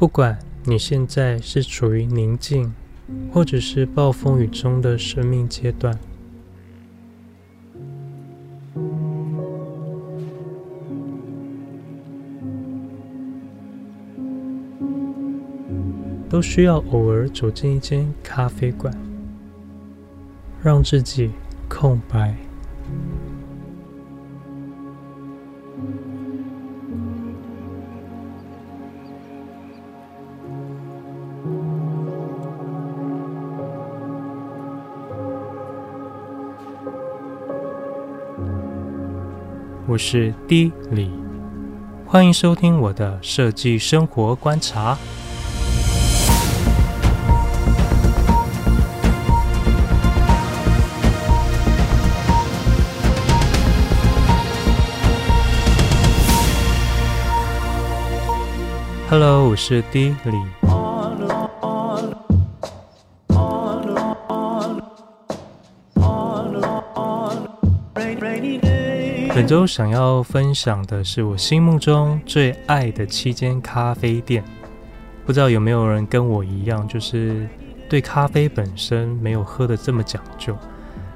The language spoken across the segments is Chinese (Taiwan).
不管你現在是處於寧靜，或者是暴風雨中的生命階段，都需要偶爾走進一間咖啡館，讓自己空白。我是 D 李，歡迎收聽我的設計生活觀察。Hello，我是 D 李。本週想要分享的是我心目中最愛的七間咖啡店。不知道有沒有人跟我一樣，就是對咖啡本身沒有喝得這麼講究，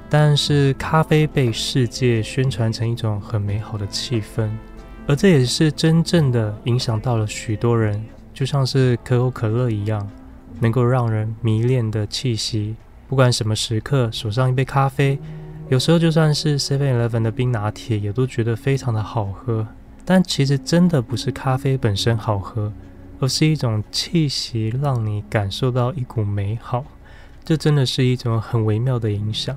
但是咖啡被世界宣傳成一種很美好的氣氛，而這也是真正的影響到了許多人，就像是可口可樂一樣，能夠讓人迷戀的氣息。不管什麼時刻，手上一杯咖啡。有時候就算是 Seven Eleven 的冰拿鐵，也都覺得非常的好喝。但其實真的不是咖啡本身好喝，而是一種氣息讓你感受到一股美好。這真的是一種很微妙的影響。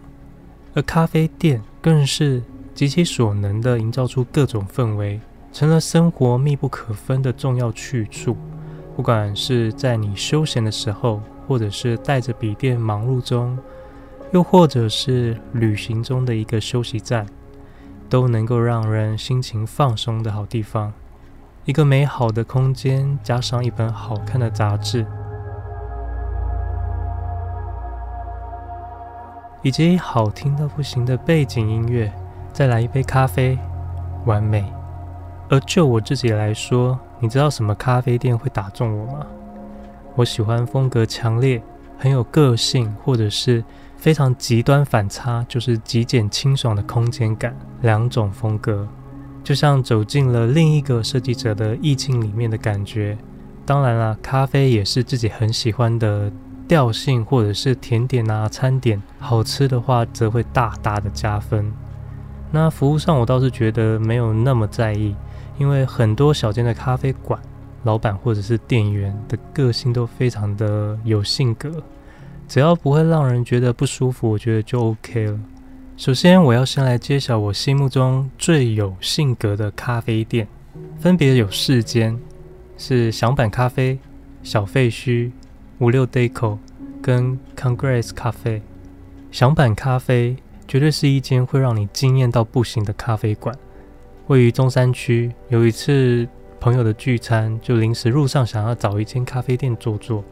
而咖啡店更是極盡所能地營造出各種氛圍，成了生活密不可分的重要去處。不管是在你休閒的時候，或者是帶着筆電忙碌中。又或者是旅行中的一個休息站，都能夠讓人心情放鬆的好地方。一個美好的空間，加上一本好看的雜誌，以及好聽到不行的背景音樂，再來一杯咖啡，完美。而就我自己來說，你知道什麼咖啡店會打中我嗎？我喜歡風格強烈、很有個性，或者是。非常極端反差，就是極簡清爽的空間感，兩種風格，就像走進了另一個設計者的意境裡面的感覺。當然啦、啊，咖啡也是自己很喜歡的調性，或者是甜點啊、餐點好吃的話，則會大大的加分。那服務上，我倒是覺得沒有那麼在意，因為很多小間的咖啡館，老闆或者是店員的個性都非常的有性格。只要不會讓人覺得不舒服，我覺得就 OK 了。首先，我要先來揭曉我心目中最有性格的咖啡店，分別有四間，是響坂咖啡、小廢墟、五六 Deco 跟 Congress Cafe 咖啡。響坂咖啡絕對是一間會讓你驚艷到不行的咖啡館，位於中山區。有一次朋友的聚餐，就臨時路上想要找一間咖啡店坐坐。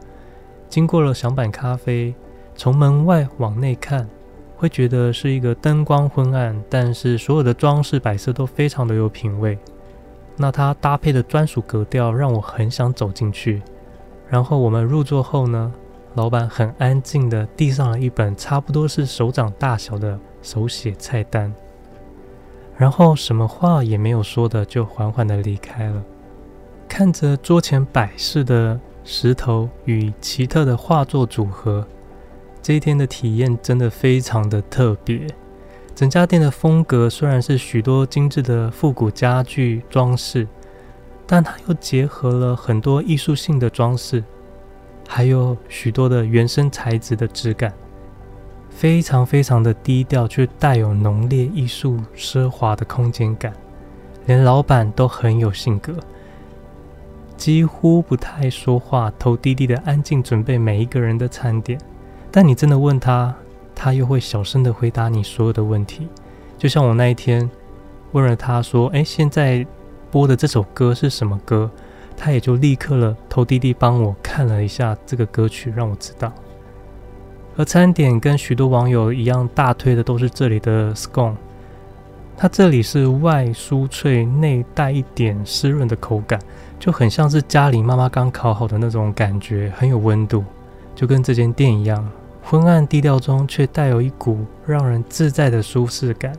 經過了翔板咖啡，從門外往內看，會覺得是一個燈光昏暗，但是所有的裝飾擺設都非常的有品味。那它搭配的專屬格調讓我很想走進去。然後我們入座後呢，老闆很安靜地遞上了一本差不多是手掌大小的手寫菜單，然後什麼話也沒有說的就緩緩地離開了。看着桌前擺設的。石頭與奇特的畫作組合，這一天的體驗真的非常的特別。整家店的風格雖然是許多精緻的複古家具裝飾，但它又結合了很多藝術性的裝飾，還有許多的原生材質的質感，非常非常的低調，卻帶有濃烈藝術奢華的空間感，連老闆都很有性格。幾乎不太說話，頭低低的，安靜準備每一個人的餐點。但你真的問他，他又會小聲的回答你所有的問題。就像我那一天問了他說：“誒，現在播的這首歌是什麼歌？”他也就立刻了頭低低幫我看了一下這個歌曲，讓我知道。而餐點跟許多網友一樣大推的都是這裡的 scone，它這裡是外酥脆內帶一點濕潤的口感。就很像是家裡媽媽剛烤好的那種感覺，很有溫度，就跟這間店一樣，昏暗低調中卻帶有一股讓人自在的舒適感。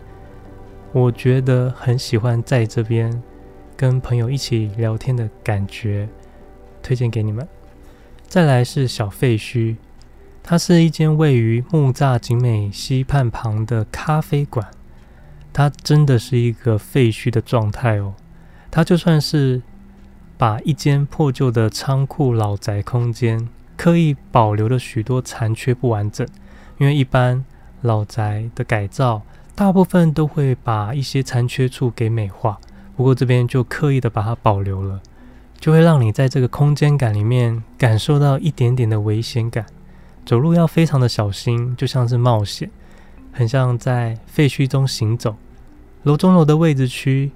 我覺得很喜歡在這邊跟朋友一起聊天的感覺，推薦給你們。再來是小廢墟，它是一間位於木柵景美溪畔旁的咖啡館，它真的是一個廢墟的狀態哦，它就算是。把一間破舊的倉庫老宅空間刻意保留了許多殘缺不完整，因為一般老宅的改造大部分都會把一些殘缺處給美化，不過這邊就刻意的把它保留了，就會讓你在這個空間感裡面感受到一點點的危險感，走路要非常的小心，就像是冒險，很像在廢墟中行走。樓中樓的位置區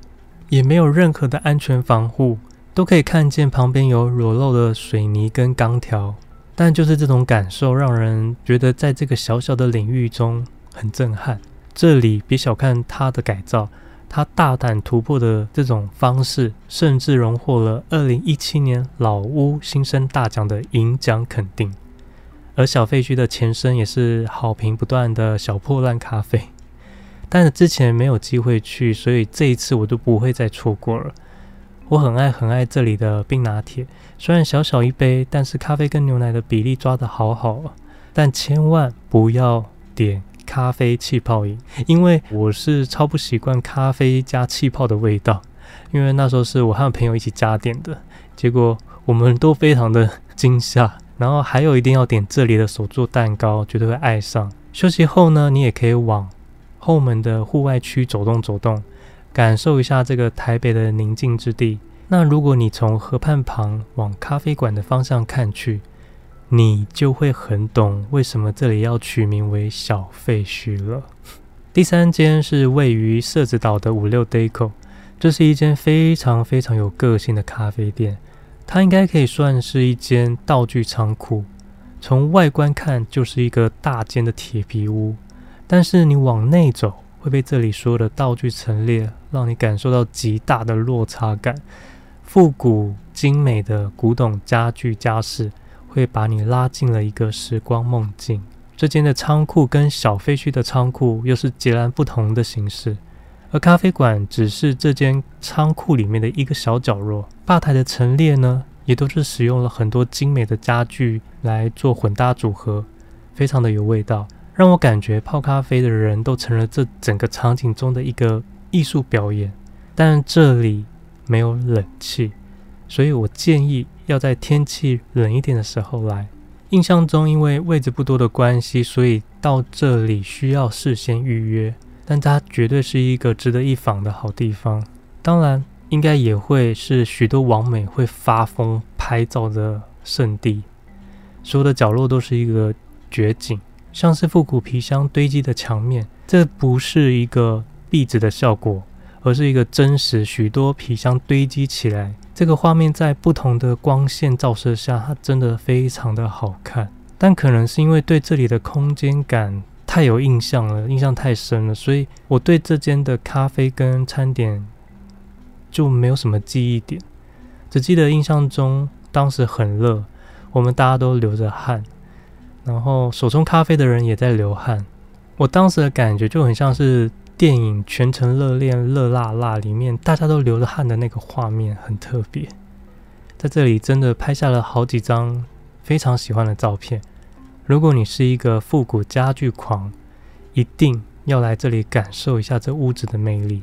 也沒有任何的安全防護。都可以看見旁邊有裸露的水泥跟鋼條，但就是這種感受讓人覺得在這個小小的領域中很震撼。這裡別小看它的改造，它大膽突破的這種方式，甚至榮獲了2017年老屋新生大獎的銀獎肯定。而小廢墟的前身也是好評不斷的小破爛咖啡，但是之前沒有機會去，所以這一次我就不會再錯過了。我很愛很愛這裡的冰拿鐵，雖然小小一杯，但是咖啡跟牛奶的比例抓得好好哦。但千萬不要點咖啡氣泡飲，因為我是超不習慣咖啡加氣泡的味道。因為那時候是我和朋友一起加點的，結果我們都非常的驚嚇。然後還有一定要點這裡的手作蛋糕，絕對會愛上。休息後呢，你也可以往後門的戶外區走動走動。感受一下這個台北的寧靜之地。那如果你從河畔旁往咖啡館的方向看去，你就會很懂為什麼這裡要取名為小廢墟了。第三間是位於社子島的五六 Deco，這是一間非常非常有個性的咖啡店，它應該可以算是一間道具倉庫。從外觀看就是一個大間的鐵皮屋，但是你往內走。會被這裡所有的道具陳列，讓你感受到極大的落差感。復古精美的古董家具、家飾，會把你拉進了一個時光夢境。這間的倉庫跟小廢墟的倉庫又是截然不同的形式，而咖啡館只是這間倉庫裡面的一個小角落。吧台的陳列呢，也都是使用了很多精美的家具來做混搭組合，非常的有味道。讓我感覺泡咖啡的人都成了這整個場景中的一個藝術表演。但這裡沒有冷氣，所以我建議要在天氣冷一點的時候來。印象中，因為位置不多的關係，所以到這裡需要事先預約。但它絕對是一個值得一訪的好地方，當然應該也會是許多網美會發瘋拍照的聖地。所有的角落都是一個絕景。像是復古皮箱堆積的牆面，這不是一個壁紙的效果，而是一個真實許多皮箱堆積起來。這個畫面在不同的光線照射下，它真的非常的好看。但可能是因為對這裡的空間感太有印象了，印象太深了，所以我對這間的咖啡跟餐點就沒有什麼記憶點。只記得印象中當時很熱，我們大家都流着汗。然後，手沖咖啡的人也在流汗。我當時的感覺就很像是電影《全城熱戀熱辣辣》裡面大家都流着汗的那個畫面，很特別。在這裡真的拍下了好幾張非常喜歡的照片。如果你是一個復古家具狂，一定要來這裡感受一下這屋子的魅力。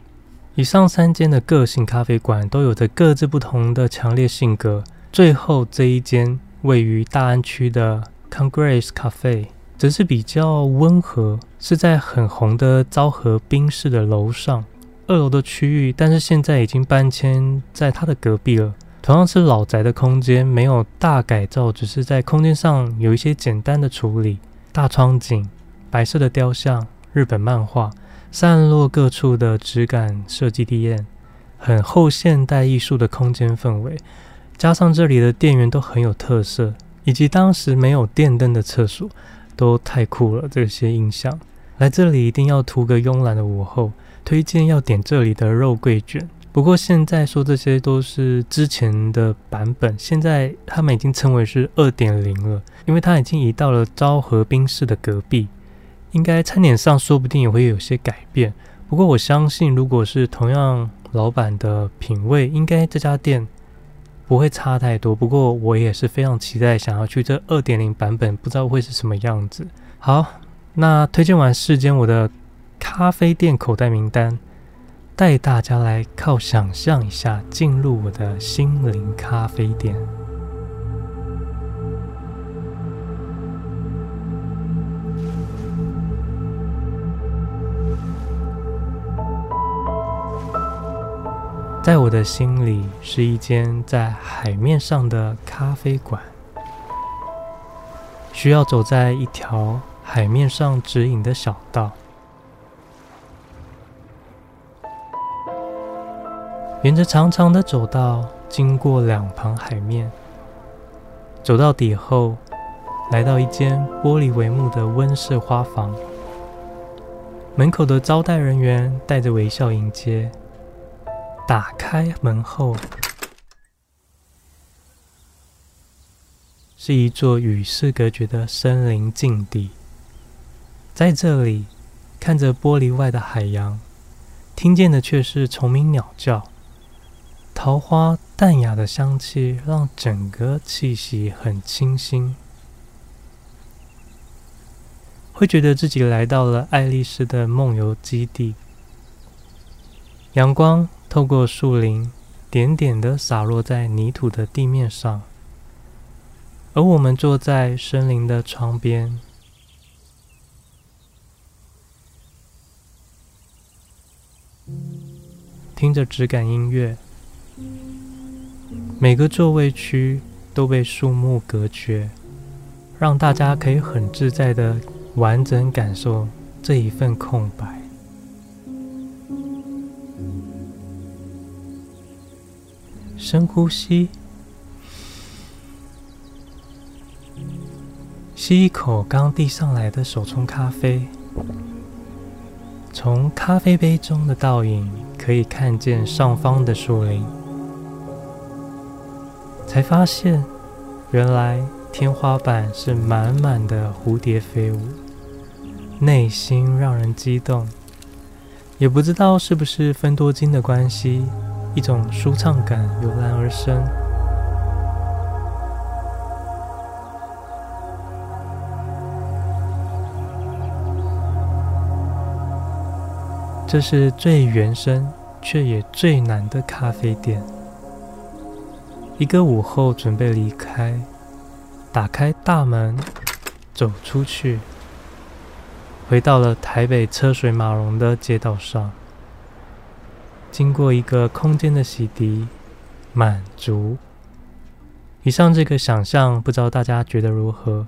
以上三間的個性咖啡館都有着各自不同的強烈性格。最後這一間位於大安區的。Congress Cafe 則是比較溫和，是在很紅的昭和冰室的樓上二樓的區域，但是現在已經搬遷在它的隔壁了。同樣是老宅的空間，沒有大改造，只是在空間上有一些簡單的處理。大窗景，白色的雕像、日本漫畫、散落各處的質感設計體驗，DM，很後現代藝術的空間氛圍，加上這裡的店員都很有特色。以及當時沒有電燈的廁所都太酷了，這些印象來這裡一定要圖個慵懶的午後，推薦要點這裡的肉桂卷。不過現在說這些都是之前的版本，現在他們已經稱為是二點零了，因為它已經移到了昭和冰室的隔壁，應該餐點上說不定也會有些改變。不過我相信，如果是同樣老板的品味，應該這家店。不會差太多，不過我也是非常期待想要去這二點零版本，不知道會是什麼樣子？好，那推薦完七間我的咖啡店口袋名單，帶大家來靠想象一下進入我的心靈咖啡店。在我的心裡，是一間在海面上的咖啡館，需要走在一條海面上指引的小道，沿着長長的走道，經過兩旁海面，走到底後，來到一間玻璃帷幕的溫室花房，門口的招待人員帶着微笑迎接。打開門後，是一座與世隔絕的森林禁地。在這裡，看着玻璃外的海洋，聽見的卻是蟲鳴鳥叫。桃花淡雅的香氣讓整個氣息很清新，會覺得自己來到了愛麗絲的夢遊基地。陽光。透過樹林，點點的灑落在泥土的地面上。而我們坐在森林的窗邊，聽着質感音樂。每個座位區都被樹木隔絕，讓大家可以很自在的完整感受這一份空白。深呼吸，吸一口剛遞上來的手沖咖啡。從咖啡杯中的倒影可以看見上方的樹林，才發現原來天花板是滿滿的蝴蝶飛舞，內心讓人激動，也不知道是不是芬多精的關係。一種舒暢感油然而生。這是最原生卻也最難的咖啡店。一個午後，準備離開，打開大門，走出去，回到了台北車水馬龍的街道上。經過一個空間的洗滌，滿足。以上這個想象，不知道大家覺得如何？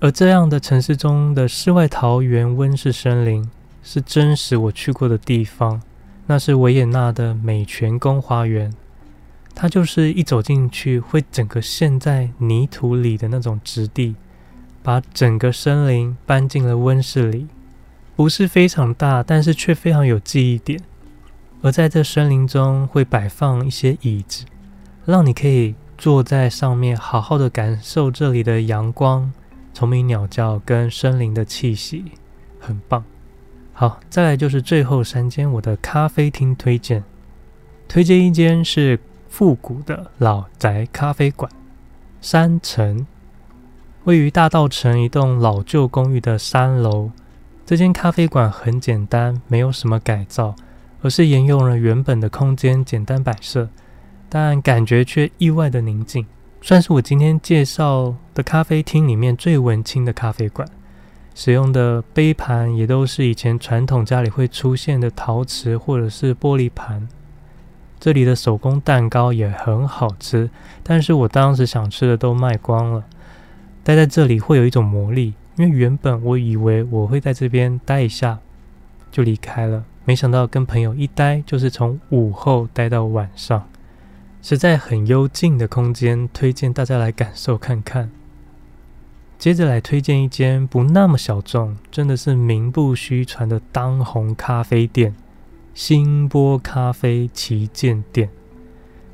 而這樣的城市中的世外桃源、溫室森林，是真實我去過的地方。那是維也納的美泉宮花園，它就是一走進去會整個陷在泥土裡的那種質地，把整個森林搬進了溫室裡。不是非常大，但是卻非常有記憶點。而在這森林中，會擺放一些椅子，讓你可以坐在上面，好好的感受這裡的陽光、蟲鳴鳥叫跟森林的氣息，很棒。好，再來就是最後三間我的咖啡廳推薦，推薦一間是復古的老宅咖啡館——山城，位於大稻埕一棟老舊公寓的三樓。這間咖啡館很簡單，沒有什麼改造。而是沿用了原本的空間，簡單擺設，但感覺卻意外的寧靜，算是我今天介紹的咖啡廳裡面最文青的咖啡館。使用的杯盤也都是以前傳統家裡會出現的陶瓷或者是玻璃盤。這裡的手工蛋糕也很好吃，但是我當時想吃的都賣光了。待在這裡會有一種魔力，因為原本我以為我會在這邊待一下就離開了。沒想到跟朋友一待就是從午後待到晚上，實在很幽靜的空間，推薦大家來感受看看。接着來推薦一間不那麼小眾，真的是名不虛傳的當紅咖啡店——興波咖啡旗艦店。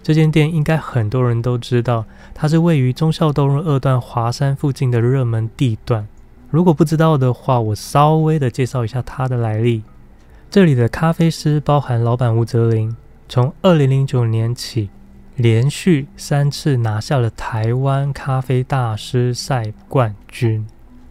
這間店應該很多人都知道，它是位於忠孝東路二段華山附近的熱門地段。如果不知道的話，我稍微的介紹一下它的來歷。這裡的咖啡師包含老闆吳則霖，從二零零九年起，連續三次拿下了台灣咖啡大師賽冠軍，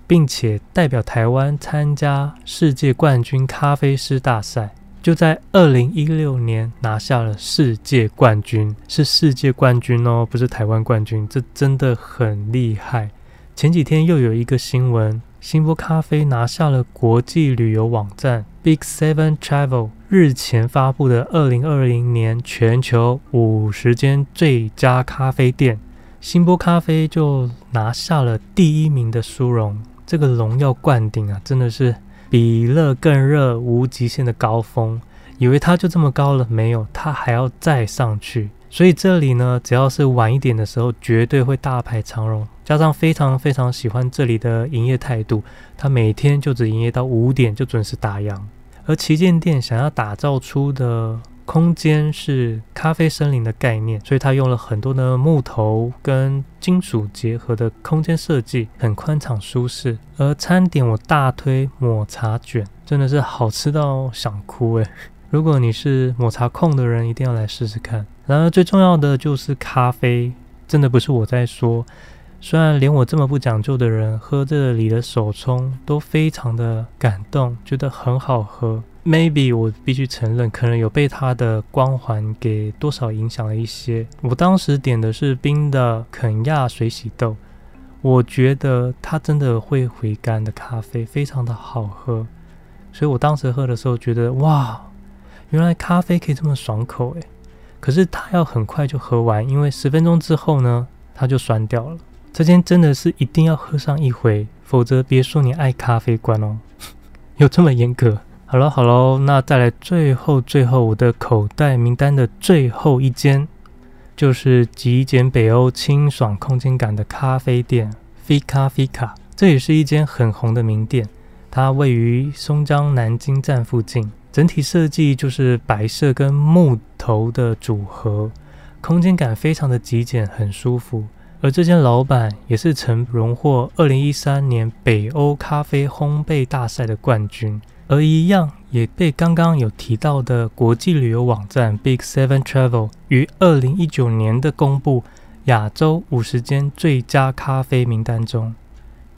並且代表台灣參加世界冠軍咖啡師大賽，就在二零一六年拿下了世界冠軍，是世界冠軍哦，不是台灣冠軍，這真的很厲害。前幾天又有一個新聞，興波咖啡拿下了國際旅遊網站。Big Seven Travel 日前發佈的二零二零年全球五十間最佳咖啡店，新波咖啡就拿下了第一名的殊榮。這個榮耀灌頂啊，真的是比熱更熱，無極限的高峰。以為它就這麼高了沒有？它還要再上去。所以這裡呢，只要是晚一點的時候，絕對會大排長龍。加上非常非常喜歡這裡的營業態度，他每天就只營業到五點，就準時打烊。而旗艦店想要打造出的空間是咖啡森林的概念，所以他用了很多的木頭跟金屬結合的空間設計，很寬敞舒適。而餐點我大推抹茶捲，真的是好吃到想哭誒、欸，如果你是抹茶控的人，一定要來試試看。然而最重要的就是咖啡，真的不是我在說。雖然連我這麼不講究的人喝這裡的手沖都非常的感動，覺得很好喝。Maybe 我必須承認，可能有被它的光環給多少影響了一些。我當時點的是冰的肯亞水洗豆，我覺得它真的會回甘的咖啡，非常的好喝。所以我當時喝的時候覺得哇，原來咖啡可以這麼爽口誒。可是它要很快就喝完，因為十分鐘之後呢，它就酸掉了。這間真的是一定要喝上一回，否則別說你愛咖啡館哦， 有這麼嚴格。好了好了，那再來最後最後我的口袋名單的最後一間，就是極簡北歐清爽空間感的咖啡店，Fika Fika Cafe。這也是一間很紅的名店，它位於松江南京站附近，整體設計就是白色跟木頭的組合，空間感非常的極簡，很舒服。而這間老闆也是曾榮獲二零一三年北歐咖啡烘焙大賽的冠軍，而一樣也被剛剛有提到的國際旅遊網站 Big Seven Travel 於二零一九年的公布亞洲五十間最佳咖啡名單中。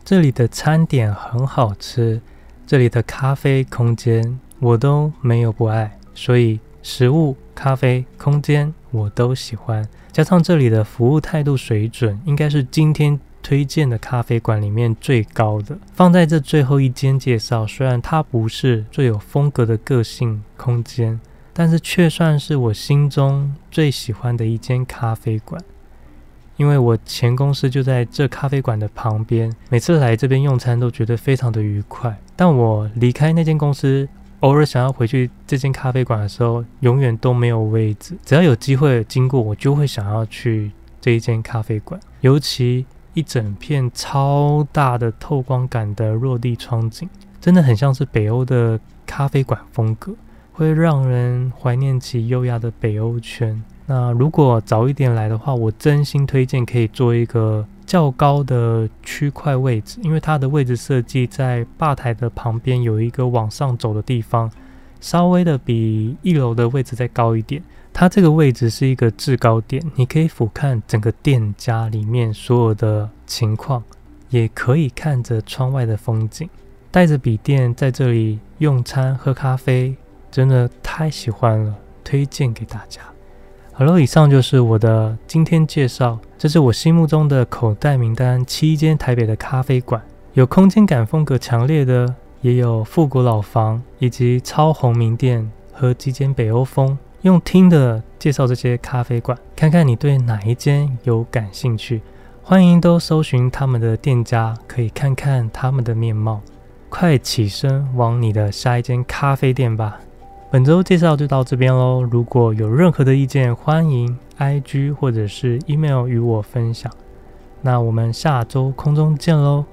這裡的餐點很好吃，這裡的咖啡空間我都沒有不愛，所以。食物、咖啡、空間，我都喜歡。加上這裡的服務態度水準，應該是今天推薦的咖啡館裡面最高的。放在這最後一間介紹，雖然它不是最有風格的個性空間，但是卻算是我心中最喜歡的一間咖啡館。因為我前公司就在這咖啡館的旁邊，每次來這邊用餐都覺得非常的愉快。但我離開那間公司。偶爾想要回去這間咖啡館的時候，永遠都沒有位置。只要有機會經過，我就會想要去這一間咖啡館。尤其一整片超大的透光感的落地窗景，真的很像是北歐的咖啡館風格，會讓人懷念起優雅的北歐圈。那如果早一點來的話，我真心推薦可以做一個。較高的區塊位置，因為它的位置設計在吧台的旁邊，有一個往上走的地方，稍微的比一樓的位置再高一點。它這個位置是一個制高點，你可以俯瞰整個店家裡面所有的情況，也可以看着窗外的風景。帶着筆電在這裡用餐喝咖啡，真的太喜歡了，推薦給大家。哈嘍，以上就是我的今天介紹。這是我心目中的口袋名單：七間台北的咖啡館，有空間感、風格強烈的，也有復古老房，以及超紅名店和幾間北歐風。用聽的介紹這些咖啡館，看看你對哪一間有感興趣。歡迎都搜尋他們的店家，可以看看他們的面貌。快起身，往你的下一間咖啡店吧。本週介紹就到這邊嘍。如果有任何的意見，歡迎 IG 或者是 Email 與我分享。那我們下週空中見嘍。